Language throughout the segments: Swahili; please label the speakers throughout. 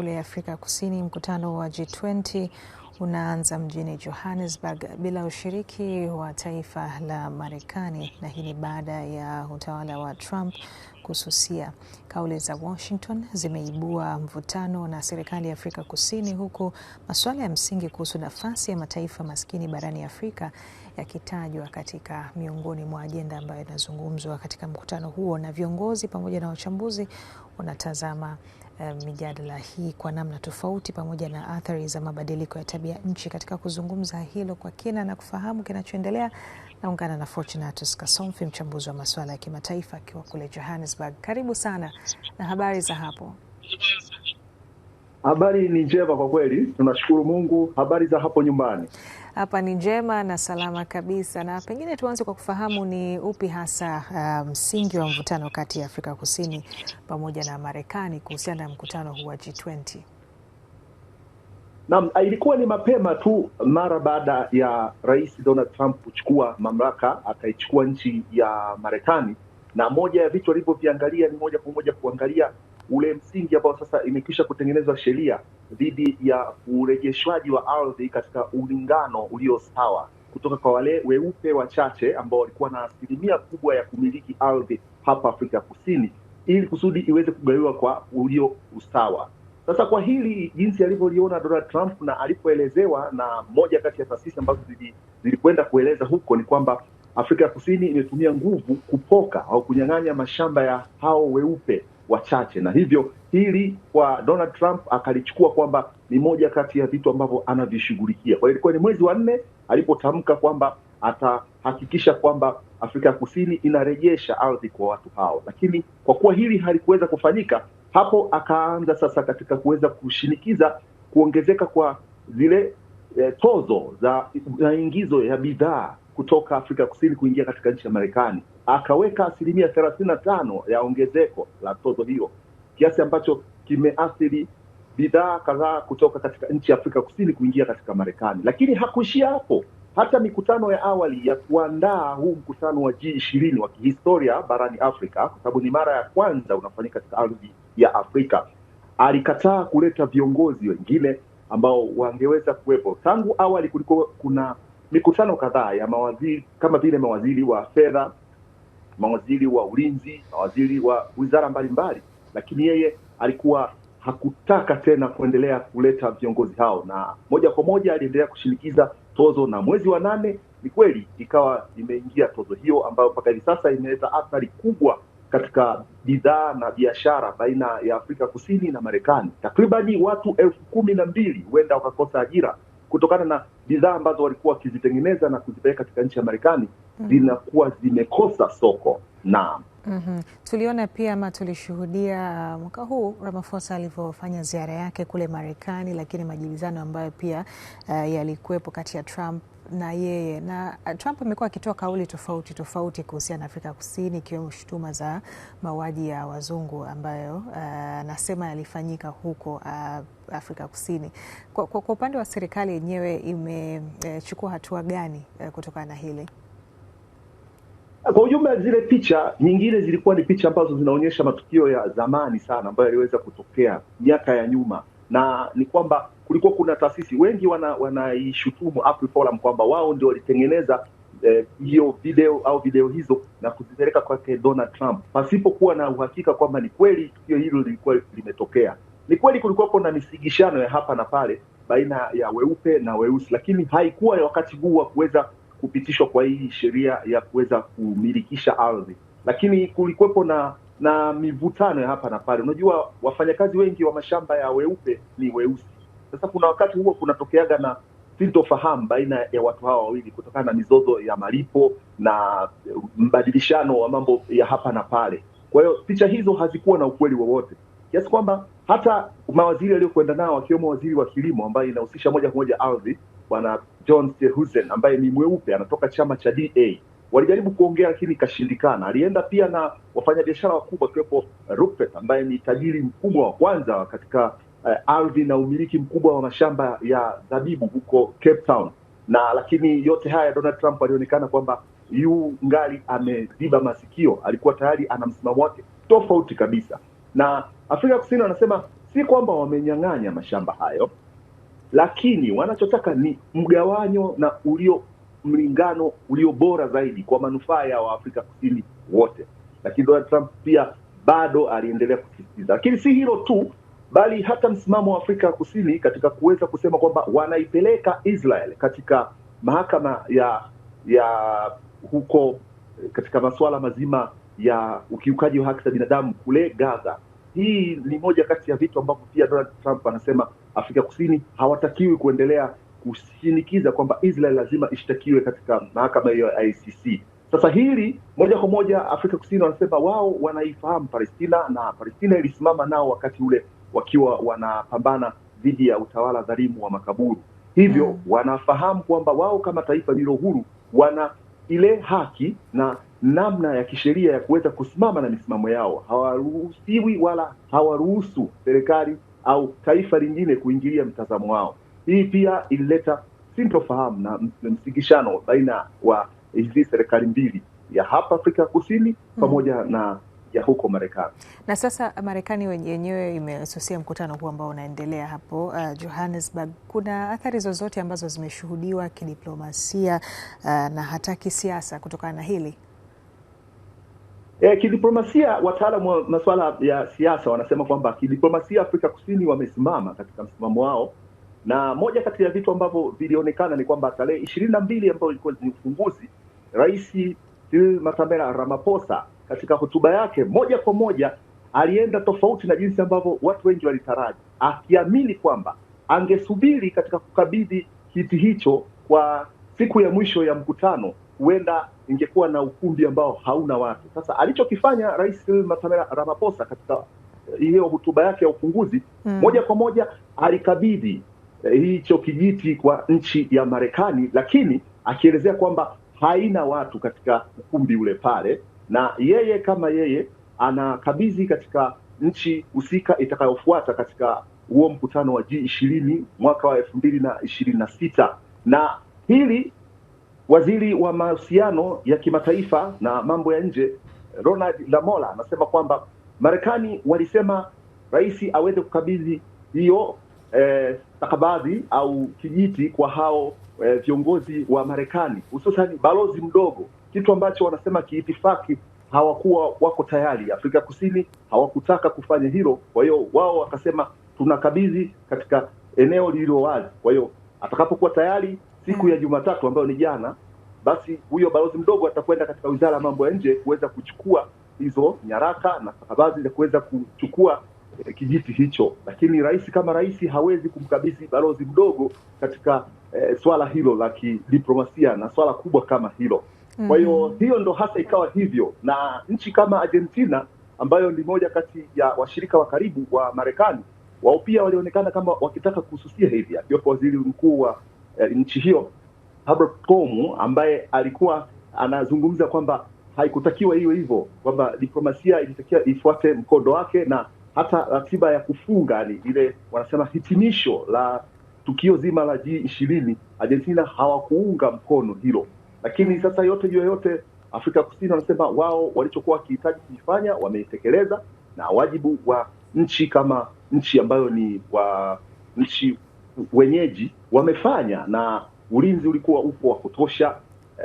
Speaker 1: kule Afrika Kusini, mkutano wa G20 unaanza mjini Johannesburg bila ushiriki wa taifa la Marekani, na hii ni baada ya utawala wa Trump kususia. Kauli za Washington zimeibua mvutano na serikali ya Afrika Kusini, huku masuala ya msingi kuhusu nafasi ya mataifa maskini barani Afrika yakitajwa katika miongoni mwa ajenda ambayo inazungumzwa katika mkutano huo, na viongozi pamoja na wachambuzi wanatazama Eh, mijadala hii kwa namna tofauti pamoja na athari za mabadiliko ya tabia nchi. Katika kuzungumza hilo kwa kina na kufahamu kinachoendelea, naungana na Fortunatus Kasomfi, mchambuzi wa masuala ya kimataifa akiwa kule Johannesburg. Karibu sana na habari za hapo.
Speaker 2: Habari ni njema kwa kweli, tunashukuru Mungu. Habari za hapo nyumbani?
Speaker 1: hapa ni njema na salama kabisa. Na pengine tuanze kwa kufahamu ni upi hasa uh, msingi um, wa mvutano kati ya Afrika Kusini pamoja na Marekani kuhusiana na mkutano huu wa G20.
Speaker 2: Naam, ah, ilikuwa ni mapema tu mara baada ya Rais Donald Trump kuchukua mamlaka akaichukua nchi ya Marekani, na moja ya vitu alivyoviangalia ni moja kwa moja kuangalia ule msingi ambao sasa imekwisha kutengenezwa sheria dhidi ya urejeshwaji wa ardhi katika ulingano ulio sawa kutoka kwa wale weupe wachache ambao walikuwa na asilimia kubwa ya kumiliki ardhi hapa Afrika Kusini ili kusudi iweze kugawiwa kwa ulio usawa. Sasa kwa hili jinsi alivyoliona Donald Trump na alipoelezewa na moja kati ya taasisi ambazo zilikwenda kueleza huko ni kwamba Afrika ya Kusini imetumia nguvu kupoka au kunyang'anya mashamba ya hao weupe wachache, na hivyo hili kwa Donald Trump akalichukua kwamba ni moja kati ya vitu ambavyo anavishughulikia. Kwa hiyo ilikuwa ni mwezi wa nne alipotamka kwamba atahakikisha kwamba Afrika ya Kusini inarejesha ardhi kwa watu hao, lakini kwa kuwa hili halikuweza kufanyika, hapo akaanza sasa katika kuweza kushinikiza kuongezeka kwa zile eh, tozo za maingizo ya bidhaa kutoka Afrika Kusini kuingia katika nchi ya Marekani, akaweka asilimia thelathini na tano ya ongezeko la tozo hiyo, kiasi ambacho kimeathiri bidhaa kadhaa kutoka katika nchi ya Afrika Kusini kuingia katika Marekani. Lakini hakuishia hapo. Hata mikutano ya awali ya kuandaa huu mkutano wa g ishirini wa kihistoria barani Afrika, kwa sababu ni mara ya kwanza unafanyika katika ardhi ya Afrika, alikataa kuleta viongozi wengine ambao wangeweza kuwepo. Tangu awali kulikuwa kuna mikutano kadhaa ya mawaziri kama vile mawaziri wa fedha, mawaziri wa ulinzi, mawaziri wa wizara mbalimbali, lakini yeye alikuwa hakutaka tena kuendelea kuleta viongozi hao, na moja kwa moja aliendelea kushinikiza tozo, na mwezi wa nane ni kweli ikawa imeingia tozo hiyo ambayo mpaka hivi sasa imeleta athari kubwa katika bidhaa na biashara baina ya Afrika Kusini na Marekani. Takribani watu elfu kumi na mbili huenda wakakosa ajira kutokana na bidhaa ambazo walikuwa wakizitengeneza na kuzipeleka katika nchi ya Marekani mm -hmm. zinakuwa zimekosa soko. na
Speaker 1: Mm -hmm. Tuliona pia ama tulishuhudia uh, mwaka huu Ramaphosa alivyofanya ziara yake kule Marekani, lakini majibizano ambayo pia uh, yalikuwepo kati ya Trump na yeye na uh, Trump amekuwa akitoa kauli tofauti tofauti kuhusiana na Afrika Kusini, ikiwemo shutuma za mauaji ya wazungu ambayo uh, anasema uh, yalifanyika huko uh, Afrika Kusini. Kwa, kwa, kwa upande wa serikali yenyewe imechukua uh, hatua gani uh, kutokana na hili?
Speaker 2: Kwa ujumla, zile picha nyingine zilikuwa ni picha ambazo zinaonyesha matukio ya zamani sana ambayo yaliweza kutokea miaka ya nyuma, na ni kwamba kulikuwa kuna taasisi wengi wanaishutumu wana Forum kwamba wao ndio walitengeneza eh, hiyo eh, video au video hizo na kuzipeleka kwake Donald Trump pasipokuwa na uhakika kwamba ni kweli tukio hilo lilikuwa limetokea. Ni kweli kulikuwepo na misigishano ya hapa na pale baina ya weupe na weusi, lakini haikuwa ya wakati huu wa kuweza kupitishwa kwa hii sheria ya kuweza kumilikisha ardhi, lakini kulikuwepo na na mivutano ya hapa na pale. Unajua, wafanyakazi wengi wa mashamba ya weupe ni weusi sasa kuna wakati huo kunatokeaga na sintofahamu baina ya watu hawa wawili kutokana na mizozo ya malipo na mbadilishano wa mambo ya hapa na pale. Kwa hiyo picha hizo hazikuwa na ukweli wowote kiasi yes, kwamba hata mawaziri aliyokwenda nao akiwemo waziri wa kilimo ambaye inahusisha moja kwa moja ardhi, bwana John Steenhuisen ambaye ni mweupe anatoka chama cha DA walijaribu kuongea lakini ikashindikana. Alienda pia na wafanyabiashara wakubwa akiwepo Rupert ambaye ni tajiri mkubwa wa kwanza katika eh, ardhi na umiliki mkubwa wa mashamba ya zabibu huko Cape Town, na lakini yote haya Donald Trump alionekana kwamba yu ngali ameziba masikio, alikuwa tayari ana msimamo wake tofauti kabisa. Na Afrika Kusini wanasema si kwamba wamenyang'anya mashamba hayo, lakini wanachotaka ni mgawanyo na ulio mlingano ulio bora zaidi kwa manufaa ya Waafrika Kusini wote. Lakini Donald Trump pia bado aliendelea kusisitiza, lakini si hilo tu, bali hata msimamo wa Afrika ya Kusini katika kuweza kusema kwamba wanaipeleka Israel katika mahakama ya ya huko eh, katika masuala mazima ya ukiukaji wa haki za binadamu kule Gaza. Hii ni moja kati ya vitu ambavyo pia Donald Trump anasema Afrika Kusini hawatakiwi kuendelea kushinikiza kwamba Israel lazima ishtakiwe katika mahakama hiyo ya ICC. Sasa hili moja kwa moja Afrika Kusini wanasema wao wanaifahamu Palestina na Palestina ilisimama nao wakati ule wakiwa wanapambana dhidi ya utawala dharimu wa makaburu. Hivyo mm. wanafahamu kwamba wao kama taifa lililo huru wana ile haki na namna ya kisheria ya kuweza kusimama na misimamo yao. Hawaruhusiwi wala hawaruhusu serikali au taifa lingine kuingilia mtazamo wao. Hii pia ilileta sintofahamu na msingishano baina wa hizi serikali mbili ya hapa Afrika Kusini mm. pamoja mm. na ya huko Marekani.
Speaker 1: Na sasa uh, Marekani yenyewe imesusia mkutano huu ambao unaendelea hapo uh, Johannesburg. Kuna athari zozote ambazo zimeshuhudiwa kidiplomasia uh, na hata kisiasa kutokana na hili?
Speaker 2: E, kidiplomasia, wataalamu wa masuala ya siasa wanasema kwamba kidiplomasia, Afrika Kusini wamesimama katika msimamo wao, na moja kati ya vitu ambavyo vilionekana ni kwamba tarehe ishirini na mbili ambayo ilikuwa ni ufunguzi, Rais Cyril Matamela Ramaphosa katika hotuba yake moja kwa moja alienda tofauti na jinsi ambavyo watu wengi walitaraji, akiamini kwamba angesubiri katika kukabidhi kiti hicho kwa siku ya mwisho ya mkutano, huenda ingekuwa na ukumbi ambao hauna watu. Sasa alichokifanya Rais Cyril Matamela Ramaphosa katika eh, hiyo hotuba yake ya ufunguzi mm, moja kwa moja alikabidhi eh, hicho kijiti kwa nchi ya Marekani, lakini akielezea kwamba haina watu katika ukumbi ule pale na yeye kama yeye anakabidhi katika nchi husika itakayofuata katika huo mkutano wa G20 mwaka wa elfu mbili na ishirini na sita na hili waziri wa mahusiano ya kimataifa na mambo ya nje Ronald Lamola anasema kwamba Marekani walisema rais aweze kukabidhi hiyo eh, au kijiti kwa hao eh, viongozi wa Marekani hususan balozi mdogo kitu ambacho wanasema kiitifaki hawakuwa wako tayari. Afrika Kusini hawakutaka kufanya hilo, kwa hiyo wao wakasema tunakabidhi katika eneo lililo wazi. Kwa hiyo atakapokuwa tayari siku ya mm. Jumatatu ambayo ni jana, basi huyo balozi mdogo atakwenda katika wizara ya mambo ya nje kuweza kuchukua hizo nyaraka na stakabadhi za kuweza kuchukua eh, kijiti hicho. Lakini rais kama rais hawezi kumkabidhi balozi mdogo katika eh, swala hilo la kidiplomasia na swala kubwa kama hilo. Kwa hiyo mhm. hiyo ndo hasa ikawa hivyo, na nchi kama Argentina ambayo ni moja kati ya washirika wa karibu wa Marekani, wao pia walionekana kama wakitaka kususia hivi, akiwepo waziri mkuu wa eh, nchi hiyo Herbert Komu ambaye alikuwa anazungumza kwamba haikutakiwa hiyo hivyo, kwamba diplomasia ilitakiwa ifuate mkondo wake na hata ratiba ya kufunga ni ile wanasema hitimisho la tukio zima la G ishirini, Argentina hawakuunga mkono hilo. Lakini sasa yote juu ya yote, Afrika Kusini wanasema wao walichokuwa wakihitaji kuifanya wameitekeleza, na wajibu wa nchi kama nchi ambayo ni wa nchi wenyeji wamefanya, na ulinzi ulikuwa upo wa kutosha.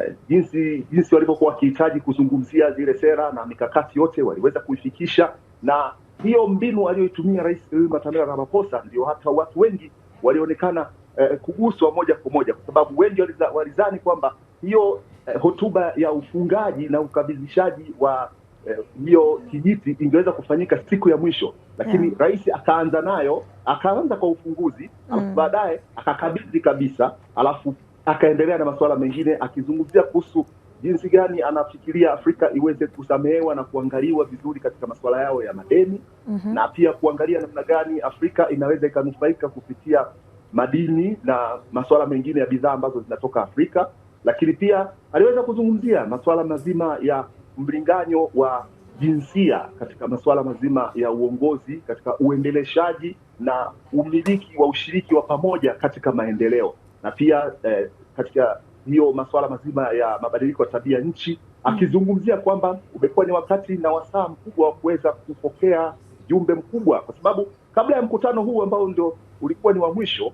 Speaker 2: Eh, jinsi jinsi walivyokuwa wakihitaji kuzungumzia zile sera na mikakati yote waliweza kuifikisha, na hiyo mbinu aliyoitumia Rais matamela ramaposa ndio hata watu wengi walionekana eh, kuguswa moja kwa moja, kwa sababu wengi walizani kwamba hiyo eh, hotuba ya ufungaji na ukabidhishaji wa eh, hiyo eh, kijiti ingeweza kufanyika siku ya mwisho, lakini yeah. Rais akaanza nayo, akaanza kwa ufunguzi mm. baadaye akakabidhi kabisa, alafu akaendelea na masuala mengine akizungumzia kuhusu jinsi gani anafikiria Afrika iweze kusamehewa na kuangaliwa vizuri katika masuala yao ya madeni mm -hmm. na pia kuangalia namna gani Afrika inaweza ikanufaika kupitia madini na masuala mengine ya bidhaa ambazo zinatoka Afrika lakini pia aliweza kuzungumzia masuala mazima ya mlinganyo wa jinsia katika masuala mazima ya uongozi katika uendeleshaji na umiliki wa ushiriki wa pamoja katika maendeleo na pia eh, katika hiyo masuala mazima ya mabadiliko ya tabia nchi akizungumzia kwamba umekuwa ni wakati na wasaa mkubwa wa kuweza kupokea jumbe mkubwa, kwa sababu kabla ya mkutano huu ambao ndio ulikuwa ni wa mwisho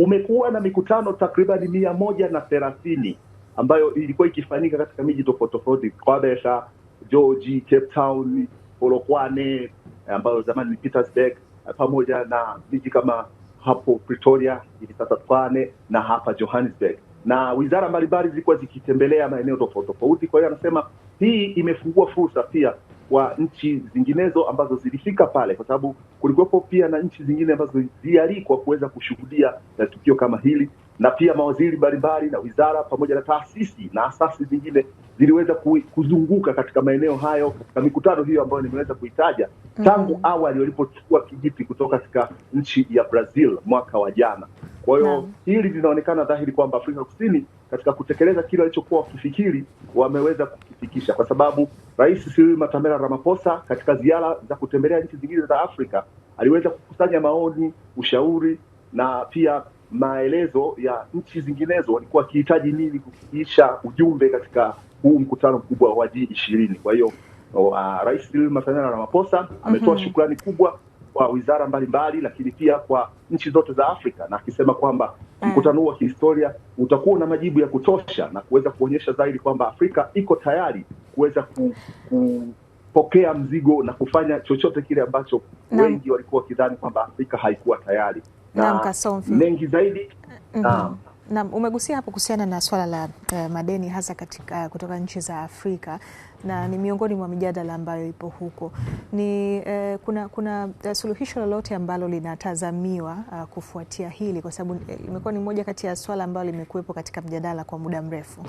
Speaker 2: umekuwa na mikutano takribani mia moja na thelathini ambayo ilikuwa ikifanyika katika miji tofauti tofauti, kwabesha georgi Cape Town, Polokwane eh, ambayo zamani ni Petersburg, eh, pamoja na miji kama hapo Pretoria hivi sasa na hapa Johannesburg, na wizara mbalimbali zilikuwa zikitembelea maeneo tofauti tofauti. Kwa hiyo anasema hii imefungua fursa pia wa nchi zinginezo ambazo zilifika pale, kwa sababu kulikuwepo pia na nchi zingine ambazo zilialikwa kuweza kushuhudia na tukio kama hili, na pia mawaziri mbalimbali na wizara pamoja na taasisi na asasi zingine ziliweza kuzunguka katika maeneo hayo katika mikutano hiyo ambayo nimeweza kuitaja mm. tangu mm -hmm. awali walipochukua kijiti kutoka katika nchi ya Brazil mwaka wa jana. Kwa hiyo hili linaonekana dhahiri kwamba Afrika Kusini katika kutekeleza kile walichokuwa wakifikiri wameweza kukifikisha, kwa sababu Rais Cyril Matamela Ramaphosa katika ziara za kutembelea nchi zingine za Afrika aliweza kukusanya maoni, ushauri na pia maelezo ya nchi zinginezo walikuwa wakihitaji nini kufikisha ujumbe katika huu mkutano mkubwa wa G ishirini. Kwa hiyo uh, Rais Cyril Matamela Ramaphosa ametoa mm -hmm. shukrani kubwa kwa wizara mbalimbali, lakini pia kwa nchi zote za Afrika, na akisema kwamba mm. mkutano huu wa kihistoria utakuwa na majibu ya kutosha na kuweza kuonyesha zaidi kwamba Afrika iko tayari kuweza ku, ku pokea mzigo na kufanya chochote kile ambacho na wengi walikuwa wakidhani kwamba Afrika haikuwa tayari na mengi zaidi
Speaker 1: mm-hmm. na, na umegusia hapo kuhusiana na swala la uh, madeni hasa katika, eh, kutoka nchi za Afrika na ni miongoni mwa mijadala ambayo ipo huko. Ni uh, kuna, kuna suluhisho lolote ambalo linatazamiwa uh, kufuatia hili kwa sababu limekuwa eh, ni moja kati ya swala ambalo limekuwepo katika mjadala kwa muda mrefu.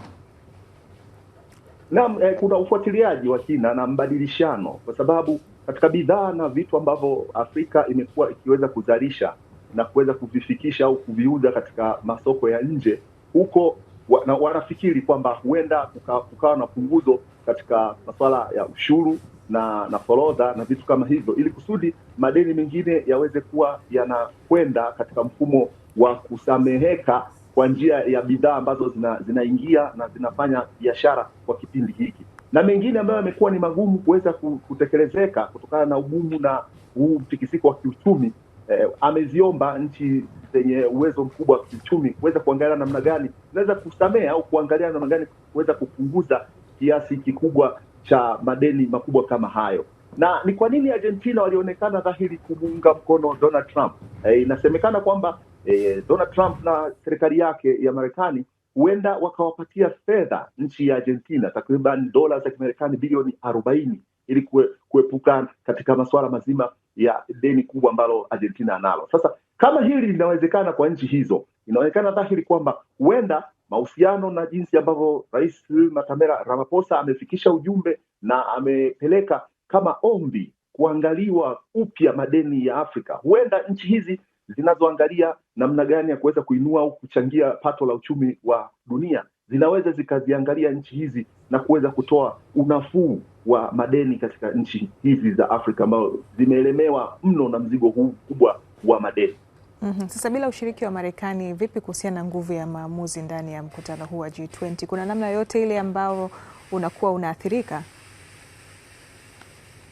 Speaker 2: Naam, eh, kuna ufuatiliaji wa kina na mbadilishano kwa sababu katika bidhaa na vitu ambavyo Afrika imekuwa ikiweza kuzalisha na kuweza kuvifikisha au kuviuza katika masoko ya nje huko wana, wanafikiri kwamba huenda kukawa kuka na punguzo katika masuala ya ushuru na na forodha na vitu kama hivyo, ili kusudi madeni mengine yaweze kuwa yanakwenda katika mfumo wa kusameheka kwa njia ya bidhaa ambazo zina, zinaingia na zinafanya biashara kwa kipindi hiki, na mengine ambayo yamekuwa ni magumu kuweza kutekelezeka kutokana na ugumu na huu mtikisiko wa kiuchumi eh, ameziomba nchi zenye uwezo mkubwa wa kiuchumi kuweza kuangalia namna gani zinaweza kusamea au kuangalia namna gani kuweza kupunguza kiasi kikubwa cha madeni makubwa kama hayo na ni kwa nini Argentina walionekana dhahiri kumuunga mkono Donald Trump? eh, inasemekana kwamba eh, Donald Trump na serikali yake ya Marekani huenda wakawapatia fedha nchi ya Argentina takriban dola za Kimarekani bilioni arobaini ili kue, kuepuka katika masuala mazima ya deni kubwa ambalo Argentina analo. Sasa kama hili linawezekana kwa nchi hizo, inaonekana dhahiri kwamba huenda mahusiano na jinsi ambavyo Rais Matamela Ramaphosa amefikisha ujumbe na amepeleka kama ombi kuangaliwa upya madeni ya Afrika, huenda nchi hizi zinazoangalia namna gani ya kuweza kuinua au kuchangia pato la uchumi wa dunia zinaweza zikaziangalia nchi hizi na kuweza kutoa unafuu wa madeni katika nchi hizi za Afrika ambazo zimeelemewa mno na mzigo huu mkubwa wa madeni.
Speaker 1: Mm -hmm. Sasa bila ushiriki wa Marekani vipi kuhusiana na nguvu ya maamuzi ndani ya mkutano huu wa G20? Kuna namna yoyote ile ambayo unakuwa unaathirika?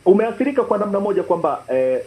Speaker 2: Umeathirika kwa namna moja kwamba eh,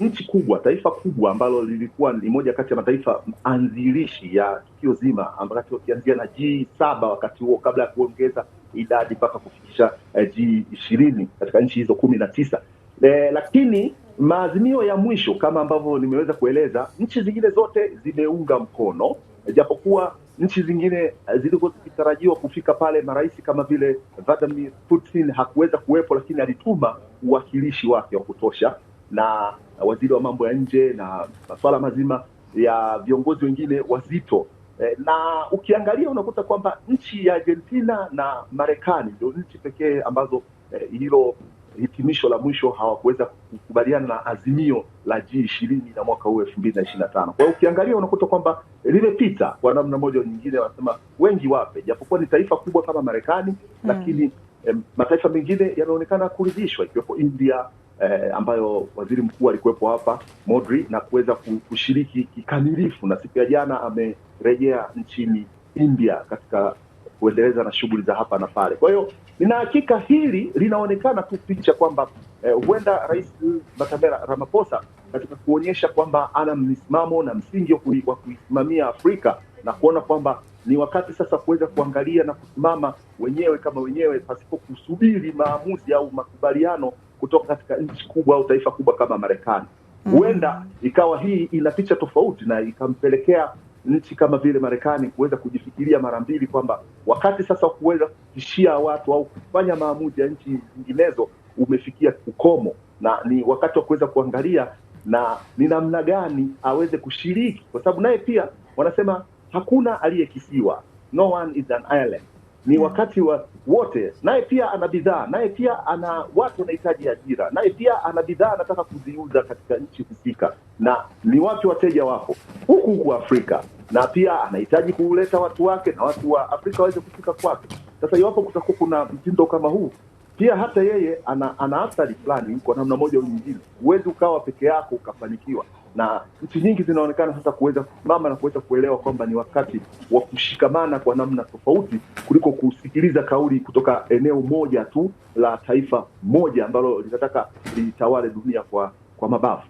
Speaker 2: nchi kubwa, taifa kubwa ambalo lilikuwa ni moja kati ya mataifa anzilishi ya tukio zima, ambacho kianzia na g saba wakati huo, kabla ya kuongeza idadi mpaka kufikisha eh, g ishirini katika nchi hizo kumi na tisa. E, lakini maazimio ya mwisho kama ambavyo nimeweza kueleza, nchi zingine zote zimeunga mkono, japokuwa nchi zingine zilikuwa zikitarajiwa kufika pale, marais kama vile Vladimir Putin hakuweza kuwepo, lakini alituma uwakilishi wake wa kutosha na waziri wa mambo ya nje na masuala mazima ya viongozi wengine wazito eh, na ukiangalia unakuta kwamba nchi ya Argentina na Marekani ndio nchi pekee ambazo eh, hilo hitimisho la mwisho hawakuweza kukubaliana na azimio la G20 na mwaka huu 2025. Kwa hiyo ukiangalia unakuta kwamba limepita kwa namna moja nyingine, wanasema wengi wape, japokuwa ni taifa kubwa kama Marekani mm, lakini eh, mataifa mengine yanaonekana kuridhishwa ikiwepo India eh, ambayo waziri mkuu alikuwepo hapa Modri na kuweza kushiriki kikamilifu, na siku ya jana amerejea nchini India katika kuendeleza na shughuli za hapa na pale. Kwa hiyo nina hakika hili linaonekana tu picha kwamba eh, huenda Rais Matamela Ramaphosa katika kuonyesha kwamba ana msimamo na msingi wa kuisimamia Afrika na kuona kwamba ni wakati sasa kuweza kuangalia na kusimama wenyewe kama wenyewe pasipo kusubiri maamuzi au makubaliano kutoka katika nchi kubwa au taifa kubwa kama Marekani. Mm. Huenda mm -hmm. ikawa hii ina picha tofauti na ikampelekea nchi kama vile Marekani kuweza kujifikiria mara mbili kwamba wakati sasa kuweza kutishia watu au kufanya maamuzi ya nchi zinginezo umefikia ukomo, na ni wakati wa kuweza kuangalia na ni namna gani aweze kushiriki, kwa sababu naye pia wanasema hakuna aliyekisiwa, no one is an island ni wakati wa wote. Naye pia ana bidhaa, naye pia ana watu wanahitaji ajira, naye pia ana bidhaa anataka kuziuza katika nchi husika, na ni watu wateja wapo huku huku Afrika, na pia anahitaji kuleta watu wake na watu wa Afrika waweze kufika kwake. Sasa iwapo kutakuwa kuna mtindo kama huu, pia hata yeye ana, ana athari fulani kwa namna moja au nyingine. Huwezi ukawa peke yako ukafanikiwa na nchi nyingi zinaonekana sasa kuweza kusimama na kuweza kuelewa kwamba ni wakati wa kushikamana kwa namna tofauti kuliko kusikiliza kauli kutoka eneo moja tu la taifa moja ambalo linataka litawale dunia kwa, kwa mabavu.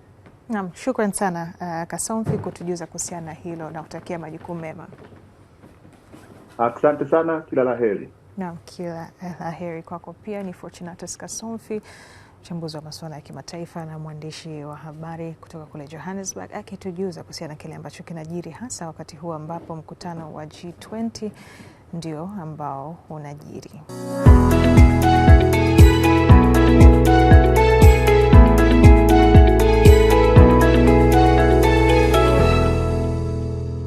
Speaker 1: Naam, shukran sana uh, Kasomfi kutujuza kuhusiana na hilo na kutakia majukumu mema.
Speaker 2: Asante sana, kila la heri.
Speaker 1: Naam, kila la heri kwako pia. Ni Fortunatus Kasomfi mchambuzi wa masuala ya kimataifa na mwandishi wa habari kutoka kule Johannesburg, akitujuza kuhusiana na kile ambacho kinajiri hasa wakati huu ambapo mkutano wa G20 ndio ambao unajiri.